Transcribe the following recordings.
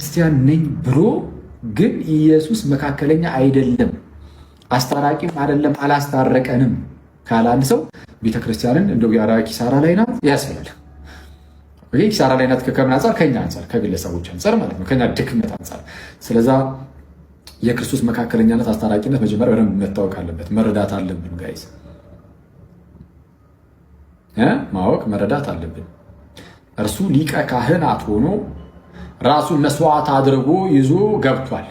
ክርስቲያን ነኝ ብሎ ግን ኢየሱስ መካከለኛ አይደለም፣ አስታራቂም አይደለም፣ አላስታረቀንም ካለ አንድ ሰው ቤተክርስቲያንን እንደው ያራ ኪሳራ ላይ ናት ያስብላል። ኪሳራ ላይ ናት ከምን አንጻር? ከኛ አንጻር፣ ከግለሰቦች አንጻር ማለት ነው፣ ከኛ ድክመት አንጻር። ስለዛ የክርስቶስ መካከለኛነት፣ አስታራቂነት መጀመሪያ በደንብ መታወቅ አለበት፣ መረዳት አለብን። ጋይዝ ማወቅ መረዳት አለብን። እርሱ ሊቀ ካህናት ሆኖ ራሱን መስዋዕት አድርጎ ይዞ ገብቷል።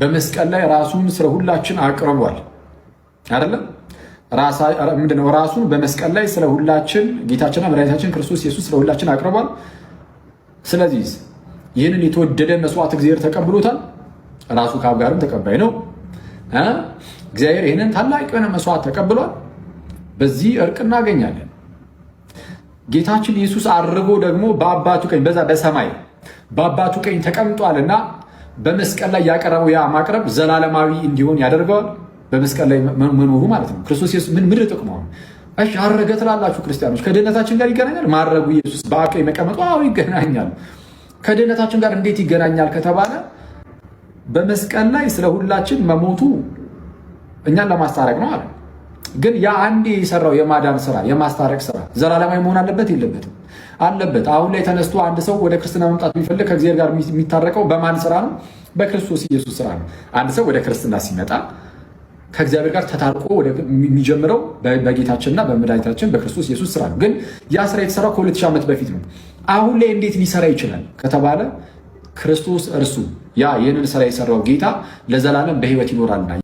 በመስቀል ላይ ራሱን ስለ ሁላችን አቅርቧል። አይደለም ምንድነው? ራሱን በመስቀል ላይ ስለ ሁላችን ጌታችንና መድኃኒታችን ክርስቶስ ኢየሱስ ስለ ሁላችን አቅርቧል። ስለዚህ ይህንን የተወደደ መስዋዕት እግዚአብሔር ተቀብሎታል። ራሱ ከአብ ጋርም ተቀባይ ነው። እግዚአብሔር ይህንን ታላቅ የሆነ መስዋዕት ተቀብሏል። በዚህ እርቅ እናገኛለን። ጌታችን ኢየሱስ አድርጎ ደግሞ በአባቱ ቀኝ በዛ በሰማይ በአባቱ ቀኝ ተቀምጧልና በመስቀል ላይ ያቀረበው ያ ማቅረብ ዘላለማዊ እንዲሆን ያደርገዋል። በመስቀል ላይ መኖሩ ማለት ነው። ክርስቶስ ኢየሱስ ምን ምድር ጥቅሙ እሺ አረገ ትላላችሁ ክርስቲያኖች፣ ከድህነታችን ጋር ይገናኛል ማረጉ ኢየሱስ በአብ ቀኝ መቀመጡ? አዎ ይገናኛል። ከድህነታችን ጋር እንዴት ይገናኛል ከተባለ በመስቀል ላይ ስለ ሁላችን መሞቱ እኛን ለማስታረቅ ነው አለ። ግን ያ አንዴ የሰራው የማዳን ስራ የማስታረቅ ስራ ዘላለማዊ መሆን አለበት የለበትም? አለበት። አሁን ላይ ተነስቶ አንድ ሰው ወደ ክርስትና መምጣት ቢፈልግ ከእግዚአብሔር ጋር የሚታረቀው በማን ስራ ነው? በክርስቶስ ኢየሱስ ስራ ነው። አንድ ሰው ወደ ክርስትና ሲመጣ ከእግዚአብሔር ጋር ተታርቆ የሚጀምረው በጌታችንና በመድኃኒታችን በክርስቶስ ኢየሱስ ስራ ነው። ግን ያ ስራ የተሰራው ከሁለት ሺህ ዓመት በፊት ነው። አሁን ላይ እንዴት ሊሰራ ይችላል ከተባለ ክርስቶስ እርሱ ያ ይህንን ስራ የሰራው ጌታ ለዘላለም በህይወት ይኖራልና